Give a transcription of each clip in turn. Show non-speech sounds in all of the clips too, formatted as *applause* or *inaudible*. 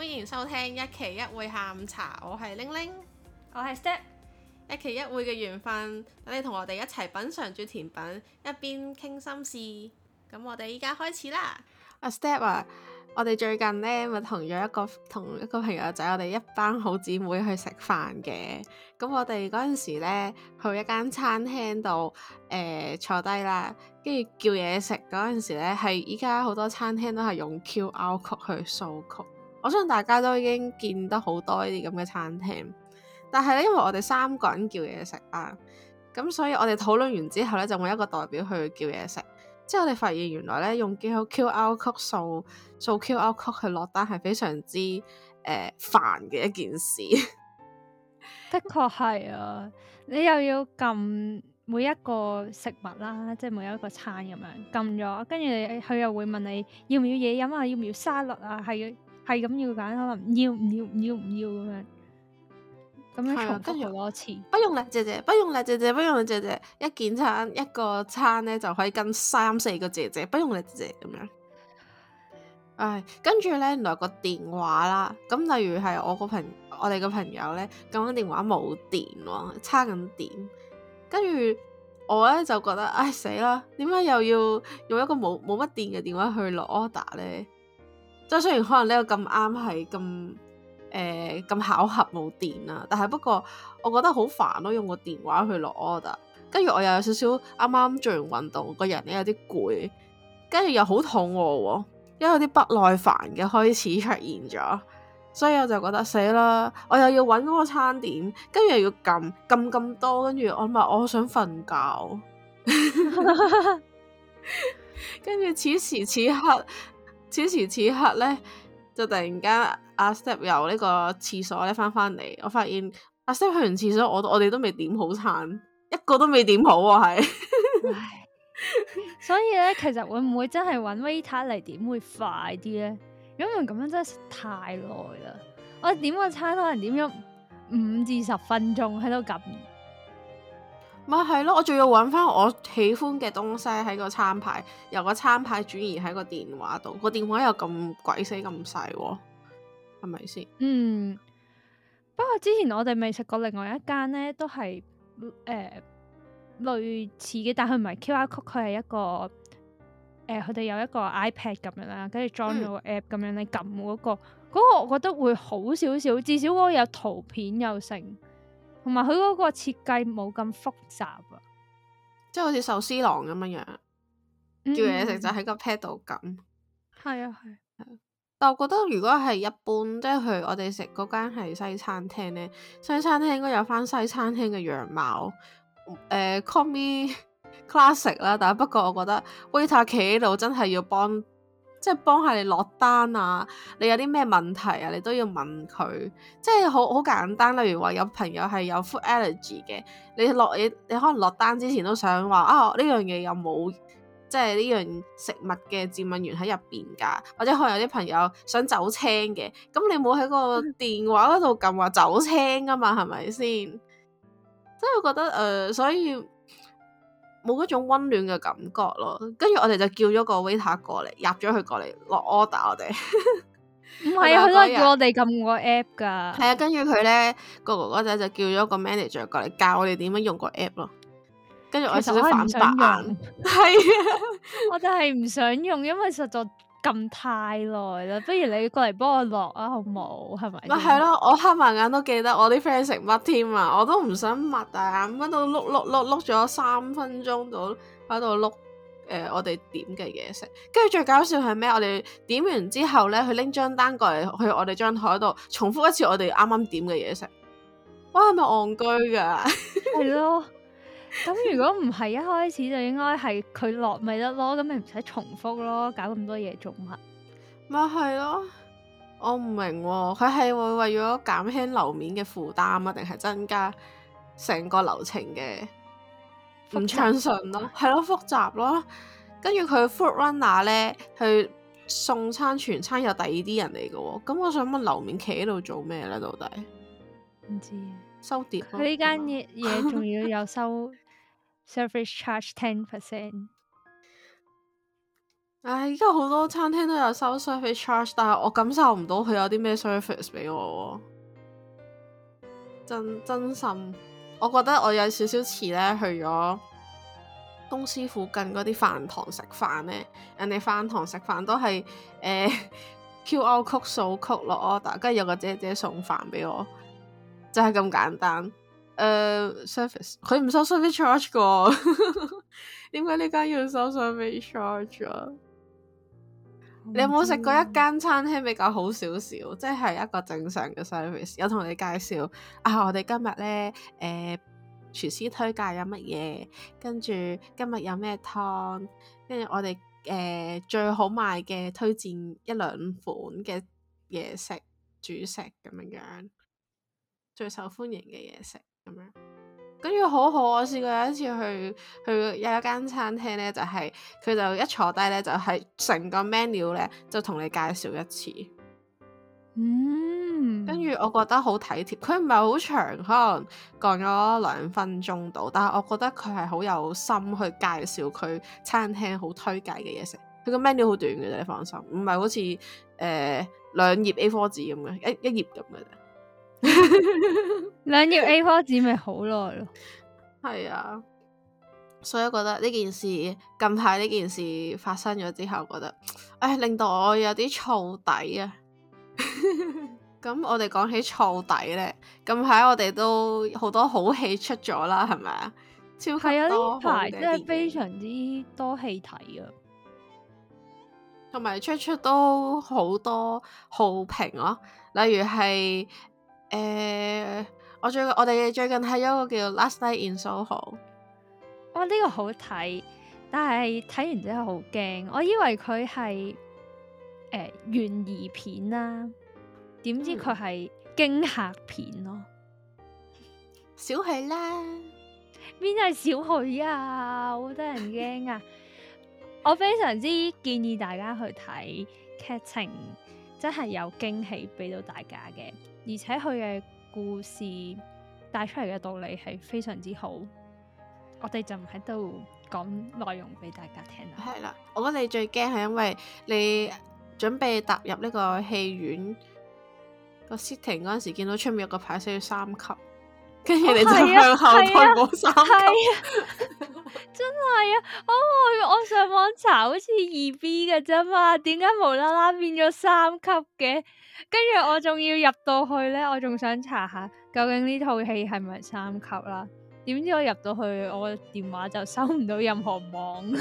歡迎收聽一期一會下午茶，我係 Ling Ling，我係 Step，一期一會嘅緣分，等你同我哋一齊品嚐住甜品，一邊傾心事。咁我哋依家開始啦。阿 Step 啊，我哋最近呢咪同咗一個同一個朋友仔，我哋一班好姊妹去食飯嘅。咁我哋嗰陣時呢去一間餐廳度誒坐低啦，跟住叫嘢食嗰陣時呢，係依家好多餐廳都係用 QR Code 去掃曲。我相信大家都已經見得好多呢啲咁嘅餐廳，但係咧，因為我哋三個人叫嘢食啊，咁所以我哋討論完之後咧，就揾一個代表去叫嘢食。之後我哋發現原來咧用機器 Q R code 掃掃 Q R code 去落單係非常之誒、呃、煩嘅一件事。的確係啊，你又要撳每一個食物啦，即、就、係、是、每一個餐咁樣撳咗，跟住佢又會問你要唔要嘢飲啊，要唔要沙律啊，係。係咁要揀，可能要唔要唔要唔要咁樣，咁樣跟住多次。不用啦，姐姐，不用啦，姐姐，不用啦，姐姐。一件餐一個餐咧，就可以跟三四個姐姐，不用啦，姐姐咁樣。唉，跟住咧，原來個電話啦。咁例如係我個朋，我哋個朋友咧，咁樣電話冇電，差緊電。跟住我咧就覺得唉死啦，點解又要用一個冇冇乜電嘅電話去落 order 咧？即係雖然可能呢個咁啱係咁誒，咁巧合冇電啦，但係不過我覺得好煩咯，用個電話去落 order，跟住我又有少少啱啱做完運動，個人咧有啲攰，跟住又好肚餓喎，因為有啲不耐煩嘅開始出現咗，所以我就覺得死啦，我又要搵嗰個餐點，跟住又要撳撳咁多，跟住我諗下我想瞓覺，跟 *laughs* 住 *laughs* *laughs* 此時此刻。此時此刻咧，就突然間阿、啊、Step 由呢個廁所咧返返嚟，我發現阿、啊、Step 去完廁所，我，我都我哋都，都未點好餐，一個都未點好喎，係。唉 *laughs* 所以咧，其實會唔會真係揾 Vita 嚟點會快啲咧？因為咁樣真係太耐啦，我點個餐可能點咗五至十分鐘喺度撳。咪係咯，我仲要揾翻我喜歡嘅東西喺個餐牌，由個餐牌轉移喺個電話度，個電話又咁鬼死咁細、啊，係咪先？嗯，不過之前我哋未食過另外一間呢，都係誒、呃、類似嘅，但佢唔係 QR code，佢係一個誒，佢、呃、哋有一個 iPad 咁樣啦，跟住裝咗個 app 咁、嗯、樣你撳嗰個嗰個，嗰個、我覺得會好少少，至少嗰個有圖片有成。同埋佢嗰個設計冇咁複雜啊，即係好似壽司郎咁樣樣，叫嘢食、嗯、就喺個 pad 度咁。係啊係，啊但我覺得如果係一般，即係去我哋食嗰間係西餐廳呢，西餐廳應該有翻西餐廳嘅樣貌，誒、呃，Call me classic 啦，但係不過我覺得 waiter 企喺度真係要幫。即係幫下你落單啊！你有啲咩問題啊？你都要問佢，即係好好簡單。例如話有朋友係有 food allergy 嘅，你落嘢，你可能落單之前都想話啊呢、哦、樣嘢有冇即係呢樣食物嘅致敏原喺入邊㗎？或者可能有啲朋友想走青嘅，咁你冇喺個電話嗰度撳話走青㗎嘛？係咪先？即係我覺得誒、呃，所以。冇嗰種溫暖嘅感覺咯，跟住我哋就叫咗個 waiter 過嚟，入咗佢過嚟落 order 我哋，唔係啊，佢都係叫我哋撳個 app 噶，係啊 *laughs* 跟住佢咧個哥哥仔就叫咗個 manager 過嚟教我哋點樣用個 app 咯，跟住我就少少反白眼，係啊，我就係唔想用，因為實在。咁太耐啦，不如你過嚟幫我落啊，好唔好？係咪？咪係咯，我黑埋眼都記得我啲 friend 食乜添啊！我都唔想擘大眼，喺度碌碌碌碌咗三分鐘到喺度碌誒我哋點嘅嘢食。跟住最搞笑係咩？我哋點完之後咧，佢拎張單過嚟，去我哋張台度重複一次我哋啱啱點嘅嘢食。哇！係咪戇居㗎，係咯～咁如果唔係一開始就應該係佢落咪得咯，咁你唔使重複咯，搞咁多嘢做乜？咪係咯，我唔明喎，佢係會為咗減輕樓面嘅負擔啊，定係增加成個流程嘅咁暢順咯？係咯，複雜咯。跟住佢 food runner 咧去送餐，全餐有第二啲人嚟嘅，咁我想問樓面企喺度做咩咧？到底唔知收碟，佢呢間嘢嘢仲要有收。Service charge ten percent。唉，而家好多餐廳都有收 service charge，但係我感受唔到佢有啲咩 service 畀我喎。真真心，我覺得我有少少似咧去咗公司附近嗰啲飯堂食飯咧，人哋飯堂食飯都係誒 Q O 曲數曲咯，但係跟住有個姐姐送飯畀我，就係、是、咁簡單。誒 service 佢唔收 service charge 噶。點解呢間要收 service charge 啊？你有冇食過一間餐廳比較好少少，即係一個正常嘅 service 有同你介紹啊，我哋今日咧，誒、呃，廚師推介有乜嘢？跟住今日有咩湯？跟住我哋誒最好賣嘅推薦一兩款嘅嘢食、主食咁樣樣，最受歡迎嘅嘢食。咁樣，跟住好好，我試過有一次去去有一間餐廳咧，就係、是、佢就一坐低咧，就係、是、成個 menu 咧就同你介紹一次。嗯，跟住我覺得好體貼，佢唔係好長，可能講咗兩分鐘到，但係我覺得佢係好有心去介紹佢餐廳好推介嘅嘢食。佢個 menu 好短嘅啫，你放心，唔係好似誒、呃、兩頁 A4 紙咁嘅，一一頁咁嘅啫。兩頁 A4 紙咪好耐咯，係 *laughs* 啊，所以我覺得呢件事近排呢件事發生咗之後，覺得唉，令到我有啲燥底啊。咁 *laughs* 我哋講起燥底呢，近排我哋都好多好戲出咗啦，係咪啊？超級多好好，啊，呢排真係非常之多戲睇啊，同埋出出都好多好評咯，啊，例如係。誒、呃，我最近我哋最近睇咗個叫《Last Night in Soho》。哇、哦，呢、這個好睇，但係睇完之後好驚。我以為佢係誒懸疑片啦、啊，點知佢係驚吓片咯。嗯、小許啦，邊係小許啊？好得人驚啊！ *laughs* 我非常之建議大家去睇，劇情真係有驚喜俾到大家嘅。而且佢嘅故事帶出嚟嘅道理係非常之好，我哋就唔喺度講內容俾大家聽啦。係啦，我覺得你最驚係因為你準備踏入呢個戲院個 setting 嗰陣時，見到出面有個牌寫要三級，跟住你就向後退我三級。 *laughs* 真係啊！Oh, 我我上網查好似二 B 嘅啫嘛，點解無啦啦變咗三級嘅？跟住我仲要入到去呢，我仲想查下究竟呢套戲係咪三級啦？點知我入到去，我電話就收唔到任何網，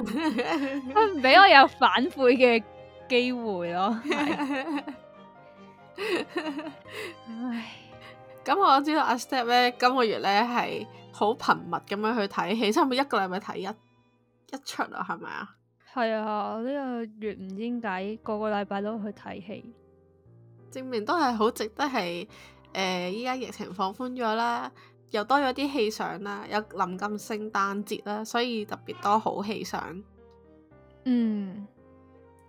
佢唔 *laughs* 俾我有反悔嘅機會咯。唉。咁我知道阿 Step 咧，今個月咧係好頻密咁樣去睇戲，差唔多一個禮拜睇一一出啊，係咪啊？係啊，呢個月唔知點解個個禮拜都去睇戲，證明都係好值得係誒，依家疫情放寬咗啦，又多咗啲戲上啦，又臨近聖誕節啦，所以特別多好戲上。嗯，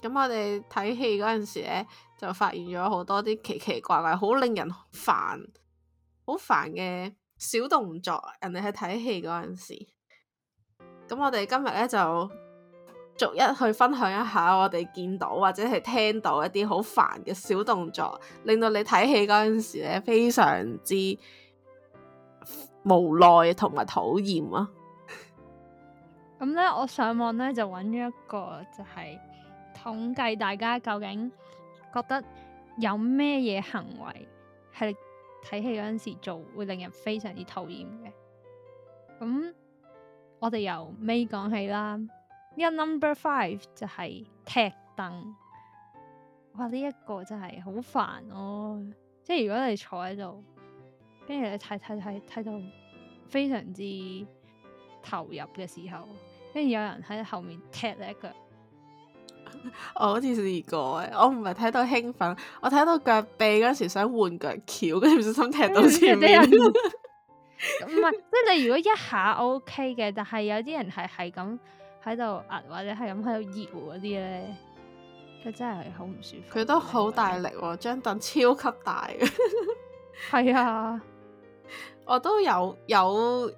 咁我哋睇戲嗰陣時咧，就發現咗好多啲奇奇怪怪，好令人煩。好煩嘅小動作，人哋喺睇戲嗰陣時，咁我哋今日咧就逐一去分享一下，我哋見到或者係聽到一啲好煩嘅小動作，令到你睇戲嗰陣時咧非常之無奈同埋討厭啊！咁咧，我上網咧就揾咗一個，就係統計大家究竟覺得有咩嘢行為係。睇戲嗰陣時做會令人非常之討厭嘅。咁我哋由尾講起啦，呢個 number five 就係踢凳。哇，呢一個真係好煩咯，即係如果你坐喺度，跟住你睇睇睇睇到非常之投入嘅時候，跟住有人喺後面踢你一腳。我好似試過，我唔係睇到興奮，我睇到腳臂嗰時想換腳翹，跟住唔小心踢到前面。唔係、嗯，即、嗯、係、嗯就是、你如果一下 O K 嘅，但係有啲人係係咁喺度壓或者係咁喺度熱嗰啲咧，佢真係好唔舒服。佢都好大力、啊，張凳、嗯嗯、超級大，嘅。係啊，我都有有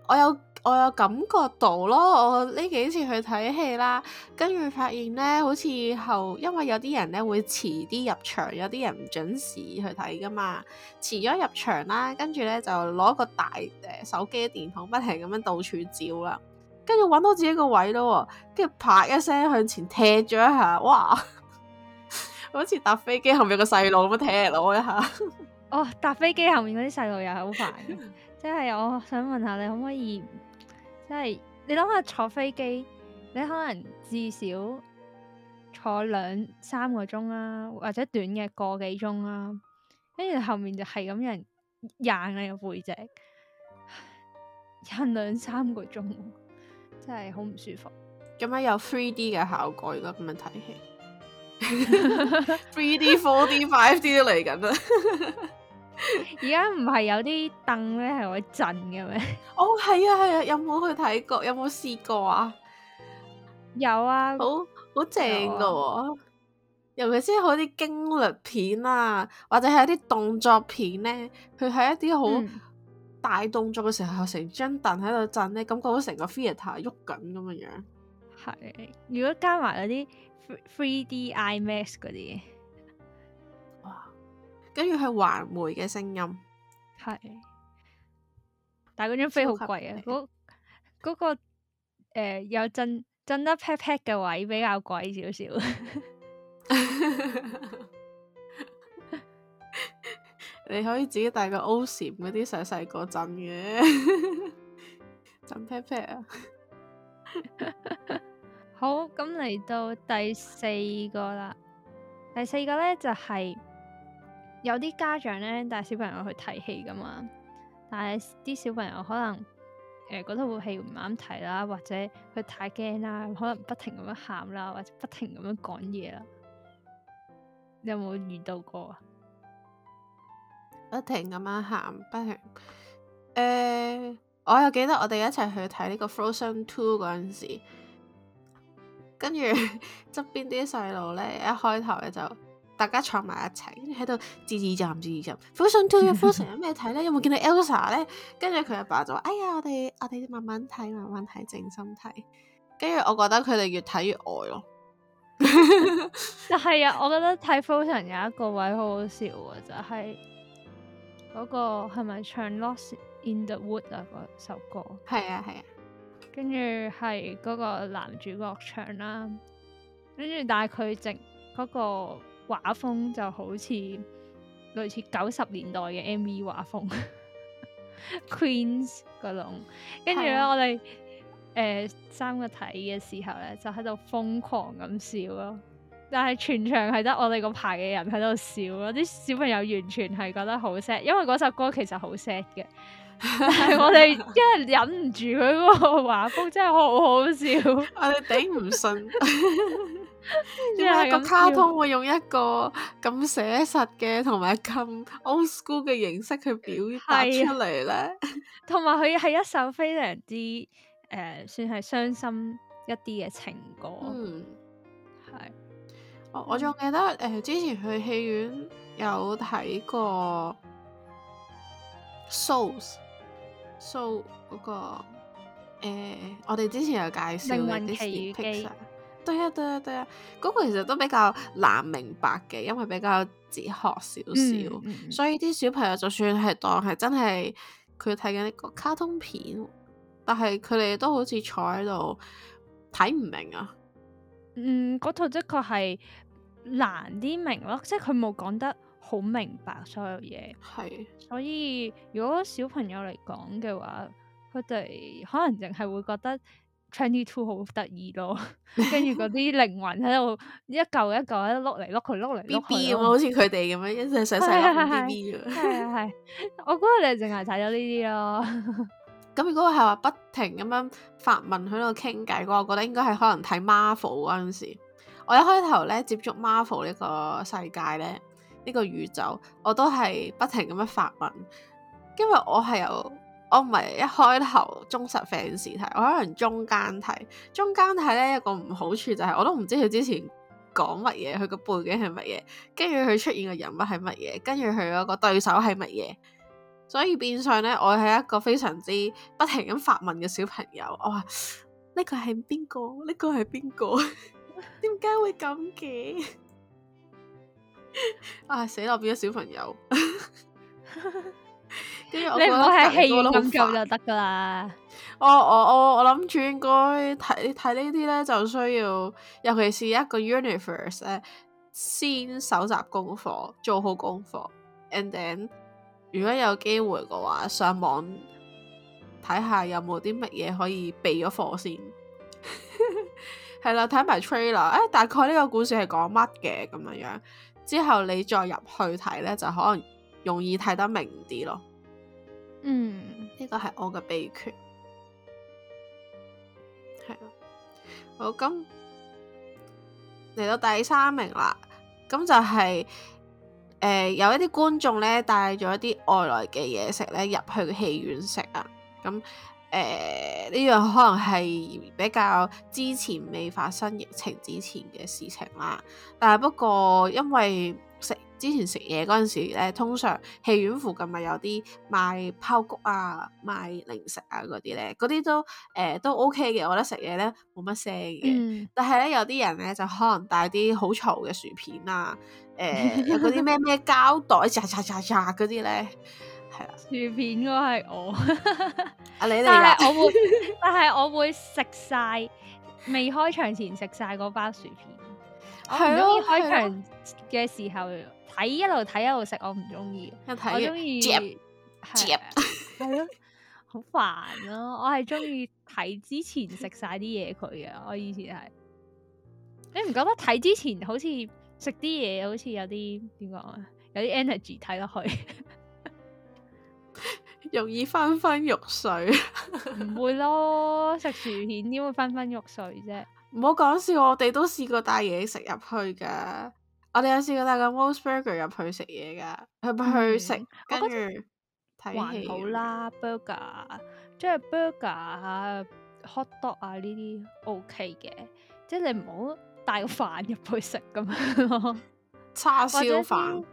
我有。我有感覺到咯，我呢幾次去睇戲啦，跟住發現咧，好似後因為有啲人咧會遲啲入場，有啲人唔準時去睇噶嘛，遲咗入場啦，跟住咧就攞個大誒、呃、手機電筒不停咁樣到處照啦，跟住揾到自己個位咯，跟住啪一聲向前踢咗一下，哇， *laughs* 好似搭飛機後面個細路咁樣踢我一下，哦，搭飛機後面嗰啲細路又係好煩，即係 *laughs* 我想問下你可唔可以？即係你諗下坐飛機，你可能至少坐兩三個鐘啦、啊，或者短嘅個幾鐘啦。跟住後，後面就係咁人硬你個背脊，撐兩三個鐘，真係好唔舒服。咁啊有 three d 嘅效果而家咁樣睇戲 three d four d five d 都嚟緊啦。 *laughs* 而家唔係有啲凳咧，係會震嘅咩？哦，係啊，係啊，有冇去睇過？有冇試過啊？有啊，好好正嘅喎、哦。啊、尤其是好啲驚悚片啊，或者係一啲動作片咧，佢係一啲好大動作嘅時候，成張凳喺度震咧，感覺成個 theater 喐緊咁嘅樣。係，如果加埋嗰啲 three three D IMAX 嗰啲。跟住係環梅嘅聲音，係，但係嗰張飛好貴啊！嗰嗰、那個誒、那個呃、有震震得 p a 嘅位比較貴少少， *laughs* *laughs* 你可以自己帶個 O 閃嗰啲細細個震嘅 *laughs* 震 p a 屁啊！ *laughs* *laughs* 好，咁嚟到第四個啦，第四個咧就係、是。有啲家長咧帶小朋友去睇戲噶嘛，但係啲小朋友可能誒覺得部戲唔啱睇啦，或者佢太驚啦，可能不停咁樣喊啦，或者不停咁樣講嘢啦。你有冇遇到過啊？不停咁樣喊，不停。誒，我又記得我哋一齊去睇呢個 Frozen Two 嗰陣時，跟住側 *laughs* 邊啲細路咧，一開頭咧就～大家坐埋一齊，跟住喺度孜孜浸、孜孜浸。Frozen Two，Frozen 有咩睇咧？有冇見到 Elsa 咧？跟住佢阿爸就話：哎呀，我哋我哋慢慢睇，慢慢睇，靜心睇。跟住我覺得佢哋越睇越愛咯。 *laughs* *laughs* 但係啊，我覺得睇 Frozen 有一個位好好笑嘅，就係、是、嗰、那個係咪唱 Lost in the Wood 啊？嗰首歌係啊係啊，跟住係嗰個男主角唱啦，跟住但係佢淨嗰個。畫風就好似類似九十年代嘅 MV 畫風 *laughs* ，Queens 嗰種，跟住咧我哋誒、呃、三個睇嘅時候咧，就喺度瘋狂咁笑咯。但係全場係得我哋嗰排嘅人喺度笑咯，啲小朋友完全係覺得好 sad，因為嗰首歌其實好 sad 嘅。 *laughs* 但我哋因為忍唔住佢嗰個畫風，真係好好笑， *laughs* *laughs* 我哋頂唔順。 *laughs* 點解 *laughs* 個卡通會用一個咁寫實嘅，同埋咁 old school 嘅形式去表達出嚟咧？同埋佢係一首非常之誒、呃，算係傷心一啲嘅情歌。嗯，係是、哦。我仲記得誒、呃，之前去戲院有睇過 S s, Soul、那個《Souls》，Soul 嗰個誒，我哋之前有介紹《靈魂奇遇記》。對啊，對啊，對啊，嗰、那個其實都比較難明白嘅，因為比較哲學少少，嗯嗯、所以啲小朋友就算係當係真係佢睇緊一個卡通片，但係佢哋都好似坐喺度睇唔明啊。嗯，嗰套的確係難啲明咯，即係佢冇講得好明白所有嘢，係是，所以如果小朋友嚟講嘅話，佢哋可能淨係會覺得。Twenty Two 好得意咯，跟住嗰啲靈魂喺度一嚿一嚿喺度碌嚟碌去碌嚟碌去咁咯，好似佢哋咁樣一隻細細粒 B B 嘅。係係，我估你淨係睇咗呢啲咯。咁如果係話不停咁樣發問喺度傾偈嘅話，我覺得應該係可能睇 Marvel 嗰陣時。我一開頭咧接觸 Marvel 呢個世界咧，呢個宇宙我都係不停咁樣發問，因為我係有。我唔係一開頭忠實 fans 睇，我可能中間睇，中間睇咧一個唔好處就係，我都唔知佢之前講乜嘢，佢個背景係乜嘢，跟住佢出現嘅人物係乜嘢，跟住佢嗰個對手係乜嘢，所以變相咧，我係一個非常之不停咁發問嘅小朋友。我話呢個係邊個？呢個係邊個？點解會咁嘅？啊死啦！變咗小朋友。跟住我，你唔好喺戲院咁做就得噶啦。我我我我諗住應該睇睇呢啲咧，就需要，尤其是一個 universe 咧，先搜集功課，做好功課，and then 如果有機會嘅話，上網睇下有冇啲乜嘢可以備咗課先。係 *laughs* 啦，睇埋 trailer，誒、哎，大概呢個故事係講乜嘅咁樣樣。之後你再入去睇咧，就可能。容易睇得明啲咯，嗯，呢個係我嘅秘訣，係咯，好，咁嚟到第三名啦，咁就係、是、誒、呃、有一啲觀眾咧帶咗一啲外來嘅嘢食咧入去戲院食啊，咁誒呢樣可能係比較之前未發生疫情之前嘅事情啦，但係不過因爲。之前食嘢嗰陣時咧，通常戲院附近咪有啲賣爆谷啊、賣零食啊嗰啲咧，嗰啲都誒、呃、都 OK 嘅。我覺得食嘢咧冇乜聲嘅，嗯、但係咧有啲人咧就可能帶啲好嘈嘅薯片啊，誒有嗰啲咩咩膠袋喳喳喳喳嗰啲咧，係啦。 *laughs* 薯片都係我，阿、 *laughs* 啊、你咧， *laughs* 但係我會，但係我會食晒，未開場前食晒嗰包薯片，係咯，開場嘅時候。 *laughs* 睇一路睇一路食，我唔中意。我中意接接係咯，好煩咯。我係中意睇之前食晒啲嘢佢嘅。我以前係。你唔覺得睇之前好似食啲嘢，好似有啲點講啊？有啲 energy 睇落去， *laughs* 容易昏昏欲睡。唔 *laughs* 會咯，食薯片點會昏昏欲睡啫？唔好講笑，我哋都試過帶嘢食入去噶。我哋有試過帶個 Mos Burger 入去食嘢噶，去唔去食？嗯、跟住睇戲好啦，burger 即係 burger、啊、hot dog 啊呢啲 OK 嘅，即係你唔好帶個飯入去食咁樣咯。 *laughs* 叉燒飯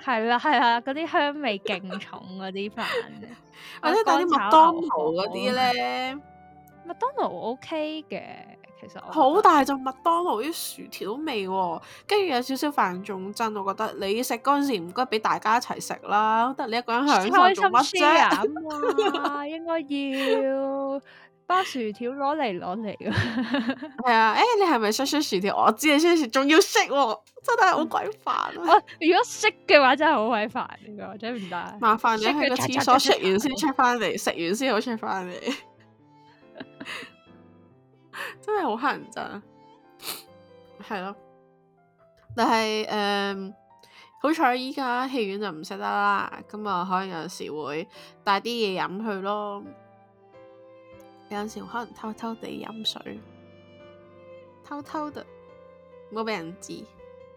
係啦係啦，嗰啲、 *laughs* 啊啊、香味勁重嗰啲飯， *laughs* 或者帶啲 *laughs* 麥當勞嗰啲咧，麥當勞 OK 嘅。其實好大隻麥當勞啲薯條味，跟住有少少飯仲真，我覺得你食嗰陣時唔該俾大家一齊食啦，得你一個人享受做乜啫？應該要包薯條攞嚟攞嚟噶，係啊！誒，你係咪識食薯條？我知你識食，仲要識，真係好鬼煩。 *laughs* 我如果識嘅話，真係好鬼煩，真唔得。麻煩你去個廁所食完先出返嚟，食完先好出返嚟。 *laughs* 真係好乞人憎，係 *laughs* 咯。但係誒，嗯、好彩依家戲院就唔食得啦。咁啊，可能有陣時會帶啲嘢飲去咯。有陣時可能偷偷地飲水，偷偷哋，唔好俾人知，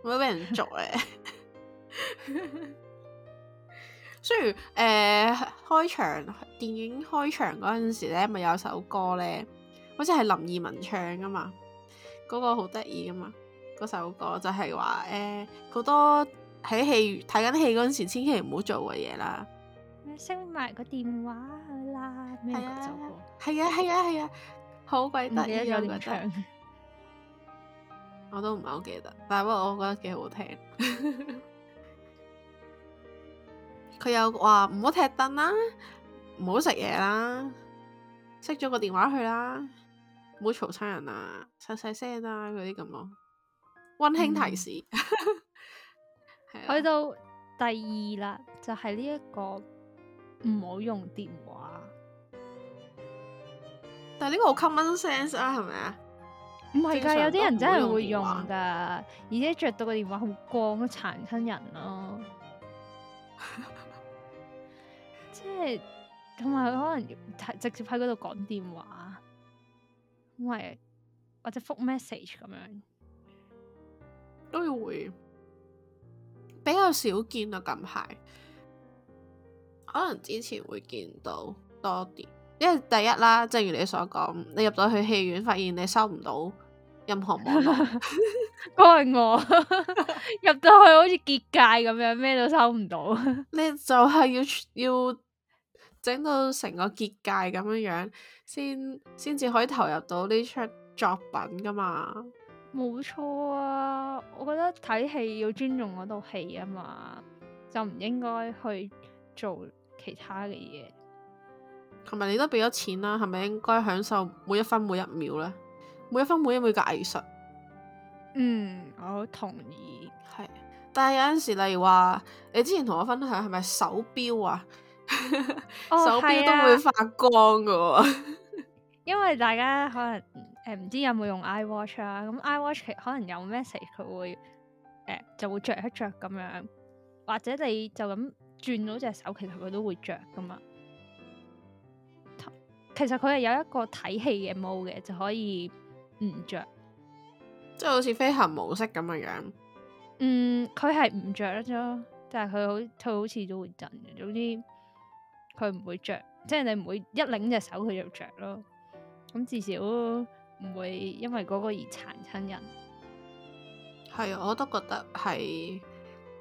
唔好俾人捉誒。雖然誒，開場電影開場嗰陣時咧，咪有首歌咧。好似係林二汶唱噶嘛，嗰、那個好得意噶嘛，嗰首歌就係話誒，好、欸、多喺戲睇緊戲嗰陣時，千祈唔好做嘅嘢啦，你熄埋個電話去啦咩啊？係啊，係啊，係啊，好鬼得意啊！啊啊有個唱，我都唔係好記得，但係不過我覺得幾好聽。佢 *laughs* *laughs* 又話唔好踢凳啦，唔好食嘢啦，熄咗個電話去啦。唔好嘈親人啦，細細聲啦，嗰啲咁咯。溫馨提示，嗯、 *laughs* 了去到第二啦，就係呢一個唔好用電話。但係呢個好 common sense 啊，係咪啊？唔係噶，有啲人真係會用噶， *laughs* 而且着到個電話好光，殘親人咯。 *laughs* 即係同埋佢可能直接喺嗰度講電話。因為或者複 message 咁樣都要會比較少見啊。近排可能之前會見到多啲，因為第一啦，正如你所講，你入咗去戲院，發現你收唔到任何網絡，嗰個係我入到去好似結界咁樣，咩都收唔到。 *laughs* 你就係要要。要到整到成個結界咁樣樣，先先至可以投入到呢出作品噶嘛？冇錯啊！我覺得睇戲要尊重嗰套戲啊嘛，就唔應該去做其他嘅嘢。同埋你都俾咗錢啦？係咪應該享受每一分每一秒呢？每一分每一秒嘅藝術。嗯，我好同意。係，但係有陣時，例如話你之前同我分享，係咪手表啊？笑 indo 手錶都會發光噶、哦，啊、 *laughs* 因為大家可能誒唔知有冇用 iWatch 啊，咁 iWatch 可能有 message 佢會誒就會着一着咁樣，或者你就咁轉到隻手，其實佢都會着噶嘛。其實佢係有一個睇戲嘅 mode 嘅，就可以唔着，即係 1 tai k meter 好似飛行模式咁嘅樣。嗯，佢係唔着咗，但係佢好佢好似都會震，總之。佢唔會着，即係你唔會一擰隻手佢就着咯。咁至少唔會因為嗰個而殘親人。係啊，我都覺得係，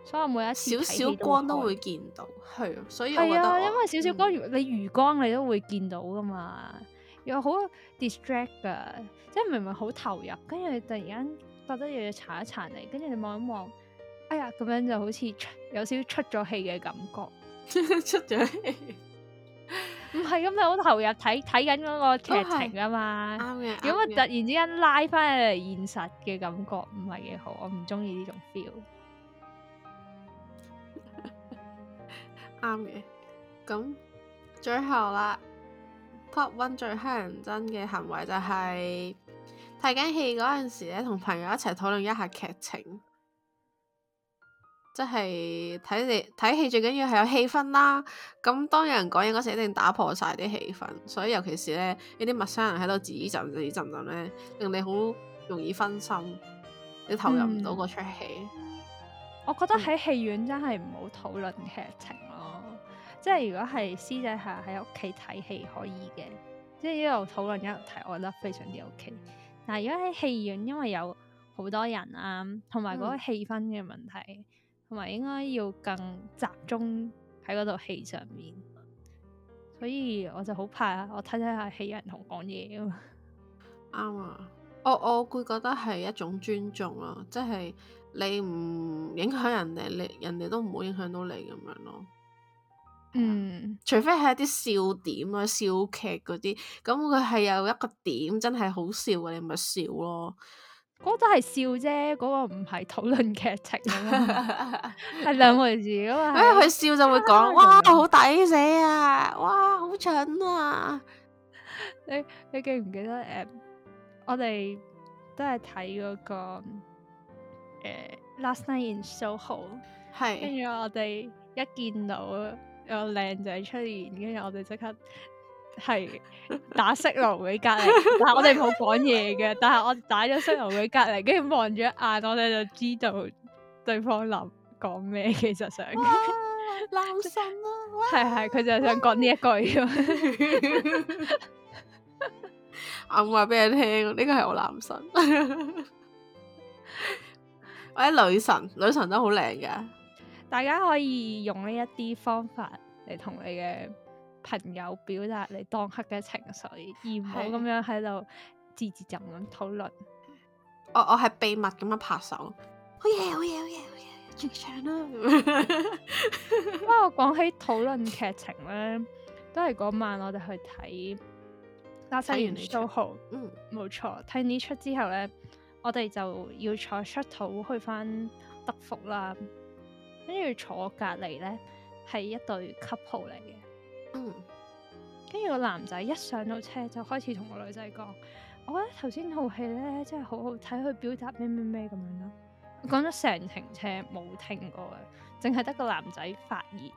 所以我每一次少少光都會見到。係啊光，所以係啊，因為少少光，嗯、你餘光你都會見到噶嘛。又好 distract 噶，即係明明好投入，跟住突然間覺得又要查一查你。跟住你望一望，哎呀，咁樣就好似有少少出咗氣嘅感覺。 *laughs* 出咗了戲戲，唔係咁，你好投入睇睇緊嗰個劇情啊嘛，啱嘅、哦。咁啊，我突然之間拉翻嚟現實嘅感覺唔係幾好，我唔中意呢種 feel。啱 *laughs* 嘅。咁最後啦 *laughs* ，Top One 最乞人憎嘅行為就係睇緊戲嗰陣時咧，同朋友一齊討論一下劇情。即係睇你睇戲最緊要係有氣氛啦。咁當有人講嘢嗰時，一定打破晒啲氣氛。所以尤其是咧呢啲陌生人喺度指指陣陣咧，令你好容易分心，你投入唔到嗰齣戲。我覺得喺戲院真係唔好討論劇情咯。嗯、即係如果係私底下喺屋企睇戲可以嘅，即係一路討論一路睇，我覺得非常之 OK。但係如果喺戲院，因為有好多人啊，同埋嗰個氣氛嘅問題。嗯同埋應該要更集中喺嗰度戲上面，所以我就好怕我睇睇下戲有人同講嘢，嘛？啱啊！我我會覺得係一種尊重咯，啊，即係你唔影響人哋，你人哋都唔會影響到你咁樣咯。嗯，除非係一啲笑點啊，笑劇嗰啲，咁佢係有一個點真係好笑嘅，你咪笑咯。我、哦、都係笑啫，嗰、嗰個唔係討論劇情，係兩 *laughs* 回事。因為佢笑就會講，啊、樣哇好抵死啊，哇好蠢啊！ *laughs* 你你記唔記得誒？Uh, 我哋都係睇嗰個誒《uh, Last Night in Soho》係跟住我哋一見到有個靚仔出現，跟住我哋即刻。係打色狼俾隔籬， *laughs* 但係我哋冇講嘢嘅。 *laughs* 但係我打咗色狼俾隔籬，跟住望咗一眼，我哋就知道對方諗講咩。其實想男神啊，係係，佢 *laughs* 就係想講呢一句啊。我話俾你聽，呢、這個係我男神，或 *laughs* 者女神，女神都好靚嘅。大家可以用呢一啲方法嚟，同你嘅。朋友表達你當刻嘅情緒，而唔好咁樣喺度 *laughs* 自自斟論討論。我我係秘密咁樣拍手。好嘢，好嘢，好嘢，好嘢，最長啦。不過講起討論劇情咧，都係嗰晚我哋去睇拉斯維爾 s, *laughs* S,、啊、s, ho, 嗯，冇錯，睇呢出之後咧，我哋就要坐出土去返德福啦。跟住坐我隔離咧，係一對 couple 嚟嘅。嗯，跟住個男仔一上到車就開始同個女仔講，我覺得頭先套戲咧真係好好睇，佢表達咩咩咩咁樣咯。講咗成程車冇停過嘅，淨係得個男仔發言。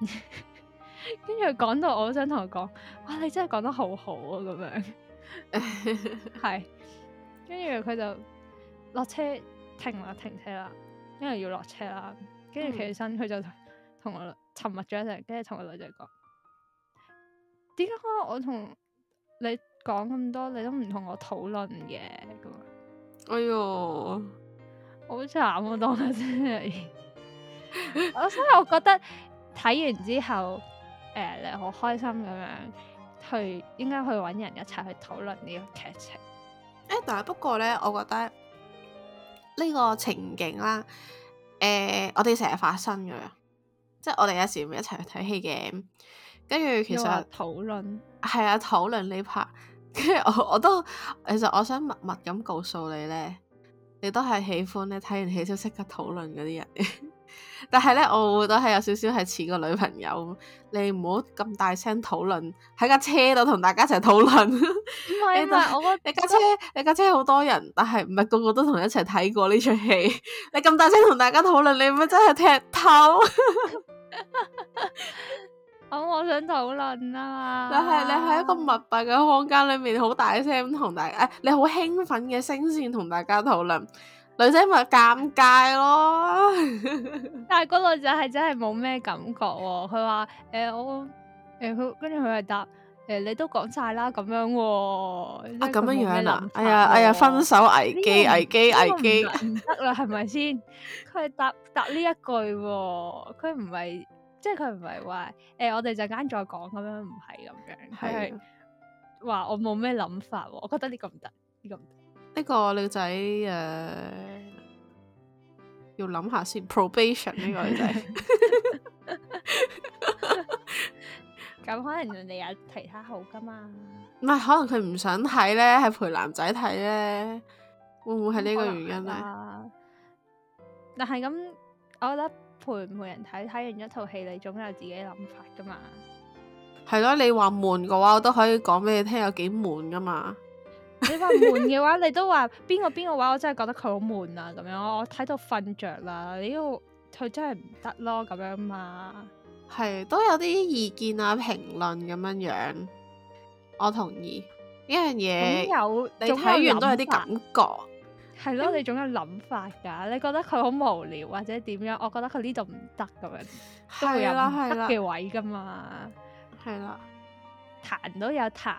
跟住佢講到我都想同佢講，哇，你真係講得好好啊，咁樣，係。 *laughs* *laughs* 跟住佢就落車停啦，停車啦，因為要落車啦。着着跟住企起身，佢就同我沉默咗一陣，跟住同個女仔講。點解我同你講咁多，你都唔同我討論嘅？咁哎呀呦，好慘啊！當真，我 *laughs* 所以我覺得睇完之後，誒、呃，你好開心咁樣去，應該去搵人一齊去討論呢個劇情。欸、但係不過呢，我覺得呢個情景啦，呃、我哋成日發生嘅，即係我哋有時會一齊去睇戲嘅。跟住其實、啊、討論係啊，討論呢 part，跟住我我都其實我想默默咁告訴你咧，你都係喜歡咧睇完戲先識嘅討論嗰啲人， *laughs* 但係咧我會覺得係有少少係似個女朋友，你唔好咁大聲討論喺架車度同大家一齊討論，唔 *laughs* 係啊， *laughs* 你就是、我架車，你架車好多人，但係唔係個個都同你一齊睇過呢出戲， *laughs* 你咁大聲同大家討論，你唔係真係踢頭。 *laughs* *laughs* 咁我想討論啊！但係你喺一個密閉嘅空間裏面，好大聲咁同大家，誒、欸欸欸，你好興奮嘅聲線同大家討論，女仔咪尷尬咯。但係嗰個就係真係冇咩感覺喎。佢話誒我誒佢跟住佢係答誒你都講晒啦咁樣，啊咁樣樣啦，哎呀哎呀，分手危機危機、這個、危機，唔得啦係咪先？佢係答答呢一句喎、哦，佢唔係。即係佢唔係話誒，我哋陣間再講咁樣，唔係咁樣，係 *noise* 話樂我冇咩諗法。我覺得呢個唔得，呢、呢個唔得，呢個女仔誒，呃、要諗下先。Probation 呢個女仔，咁可能人哋有其他好噶嘛？唔係，可能佢唔想睇咧，係陪男仔睇咧，會唔會係呢個原因啊？但係咁，我覺得。陪唔陪人睇，睇完一套戲，你總有自己諗法噶嘛？係咯，你話悶嘅話，我都可以講俾你聽有幾悶噶嘛。你話悶嘅話， *laughs* 你都話邊個邊個話，我真係覺得佢好悶啊！咁樣我睇到瞓着啦，你要，佢真係唔得咯，咁樣嘛。係都有啲意見啊，評論咁樣樣。我同意呢樣嘢，有你睇完都有啲感覺。係咯，你總有諗法噶，你覺得佢好無聊或者點樣？我覺得佢呢度唔得咁樣，啊、都會有唔得嘅位噶嘛。係啦、啊，彈、啊、都有彈，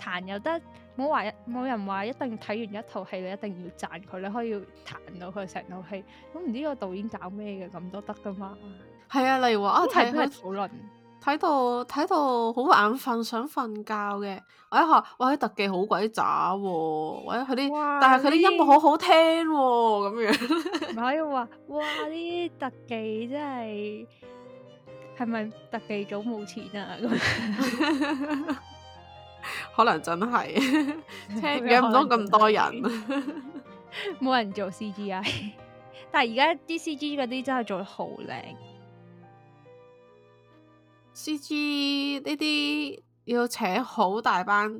彈又得，冇話冇人話一定睇完一套戲你一定要讚佢，你可以彈到佢成套戲。咁唔知個導演搞咩嘅咁都得噶嘛？係啊，例如話我睇佢討論。睇到睇到好眼瞓，想瞓覺嘅。我一話，哇啲特技好鬼渣，或者佢啲，但係佢啲音樂好好聽咁、哦、樣。唔可以話，哇啲特技真係，係咪特技組冇錢啊？咁可能真係請唔到咁多人，冇 *laughs* 人做 CGI。 *laughs* 但係而家啲 CG 嗰啲真係做得好靚。CG 呢啲要請好大班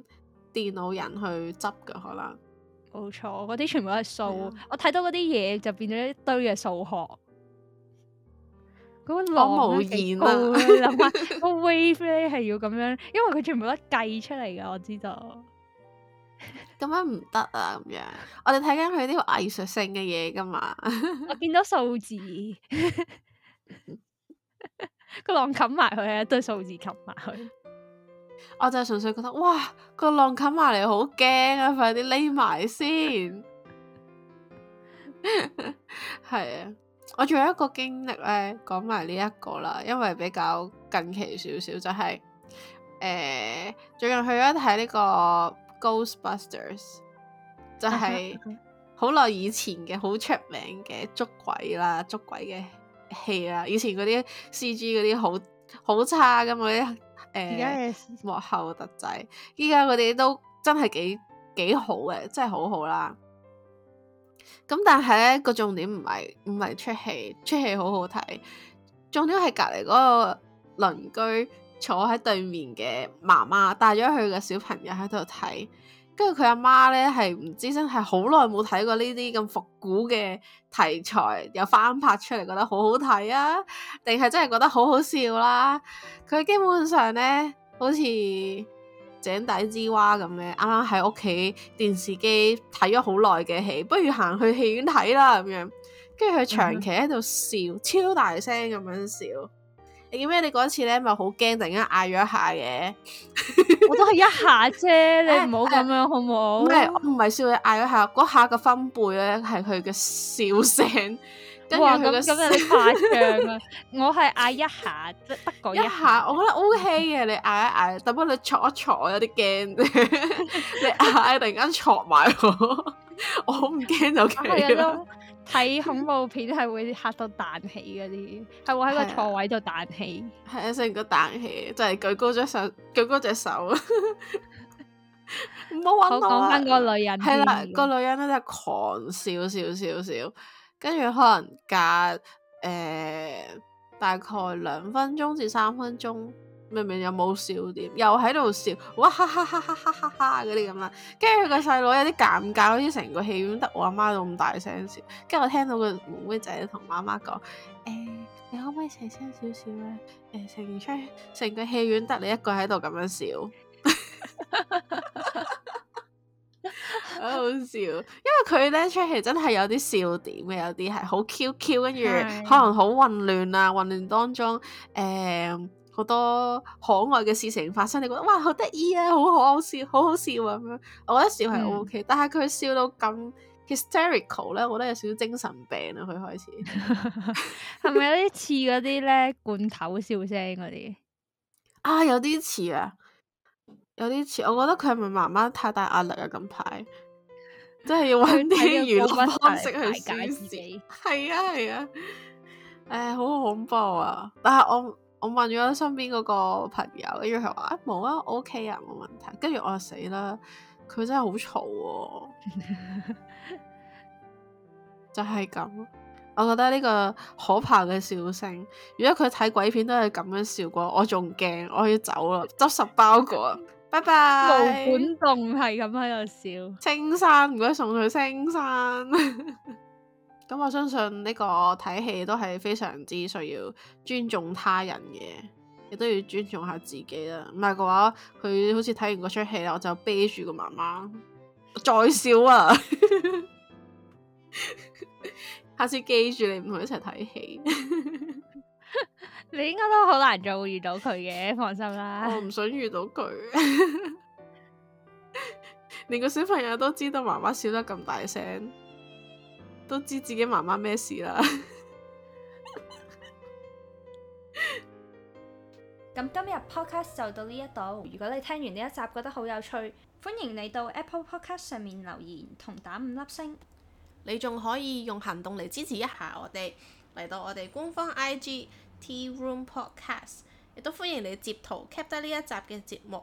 電腦人去執噶，可能冇錯，嗰啲全部都係數。Yeah. 我睇到嗰啲嘢就變咗一堆嘅數學。嗰、個我無言啦，諗 *laughs* 下、個 wave 咧係要咁樣，因為佢全部都計出嚟噶，我知道。咁 *laughs* 樣唔得啊！咁樣，我哋睇緊佢啲藝術性嘅嘢噶嘛？ *laughs* 我見到數字。 *laughs* 個浪冚埋佢啊，一對數字冚埋佢。我就純粹覺得，哇，個浪冚埋嚟，好驚啊！快啲匿埋先。係啊， *laughs* *laughs* 我仲有一個經歷咧，講埋呢一個啦，因為比較近期少少，就係、是、誒、欸，最近去咗睇呢個《Ghostbusters》，就係好耐以前嘅，好出名嘅捉鬼啦，捉鬼嘅。戲啦，以前嗰啲 C G 嗰啲好好差咁嗰啲誒幕後特仔，依家嗰啲都真係幾幾好嘅，真係好好啦。咁但係咧個重點唔係唔係出戲，出戲好好睇，重點係隔籬嗰個鄰居坐喺對面嘅媽媽帶咗佢嘅小朋友喺度睇。跟住佢阿媽咧，係唔知真係好耐冇睇過呢啲咁復古嘅題材，又翻拍出嚟覺得好好睇啊，定係真係覺得好好笑啦，啊？佢基本上咧，好似井底之蛙咁嘅，啱啱喺屋企電視機睇咗好耐嘅戲，不如行去戲院睇啦咁樣。跟住佢長期喺度笑，嗯、哼超大聲咁樣笑。點解你嗰次咧咪好驚，突然間嗌咗一下嘅。我都係一下啫，你唔好咁樣好唔好？唔係，唔係笑你嗌咗下，嗰下嘅分貝咧係佢嘅笑聲，跟住佢嘅笑聲誇張啊！ *laughs* 我係嗌一下，即得嗰一下， *laughs* 我覺得 O K 嘅，你嗌一嗌，但不過你戳一戳，有啲驚， *laughs* 你嗌突然間戳埋我， *laughs* 我好唔驚就 o *laughs* 睇 *laughs* 恐怖片係會嚇到彈起嗰啲，係會喺個座位度彈起，係啊，成、啊、個彈起，就係舉高，舉高隻手，舉高隻手，唔好揾我啦。講翻個女人，係啦、啊，個女人咧就狂笑笑笑笑，跟住可能隔誒、呃、大概兩分鐘至三分鐘。明明又冇笑點，又喺度笑，哇哈哈哈哈哈哈哈嗰啲咁啦。跟住個細佬有啲尷尬，好似成個戲院得我阿媽咁大聲笑。跟住我聽到個妹妹仔同媽媽講：誒、eh，你可唔可以細聲少少咧？誒，成出成個戲院得你一個喺度咁樣笑，好好笑。因為佢咧出戲真係有啲笑點嘅，有啲係好 Q Q，跟住可能好混亂啊，混亂當中誒。呃好多可愛嘅事情發生，你覺得哇，好得意啊，好可笑，好好笑咁樣。我覺得笑係 OK，但係佢笑到咁 hysterical 咧，我覺得有少少精神病啦。佢開始係咪有啲似嗰啲咧罐頭笑聲嗰啲啊？有啲似啊，有啲似。我覺得佢係咪媽媽太大壓力啊？近排真係要揾啲娛樂方式去，去解自己。係啊，係啊。誒、啊哎，好恐怖啊！但係我。我問咗身邊嗰個朋友，跟住佢話：啊冇啊，我 OK 啊，冇問題。跟住我就死啦！佢真係好嘈， *laughs* 就係咁。我覺得呢個可怕嘅笑聲，如果佢睇鬼片都係咁樣笑過，我仲驚，我要走啦，執十包裹，拜拜。 *laughs* bye bye 毛管戙，係咁喺度笑，青山唔該送佢青山。 *laughs* 咁我相信呢，這個睇戲都係非常之需要尊重他人嘅，亦都要尊重下自己啦。唔係嘅話，佢好似睇完嗰出戲啦，我就啤住個媽媽再笑啊！ *laughs* 下次記住你唔同佢一齊睇戲， *laughs* 你應該都好難再會遇到佢嘅，放心啦。我唔想遇到佢， *laughs* 連個小朋友都知道媽媽笑得咁大聲。都知自己媽媽咩事啦。咁 *laughs* 今日 podcast 就到呢一度。如果你聽完呢一集覺得好有趣，歡迎你到 Apple Podcast 上面留言同打五粒星。你仲可以用行動嚟支持一下我哋，嚟到我哋官方 IG Tea Room Podcast，亦都歡迎你截圖 Keep 得呢一集嘅節目。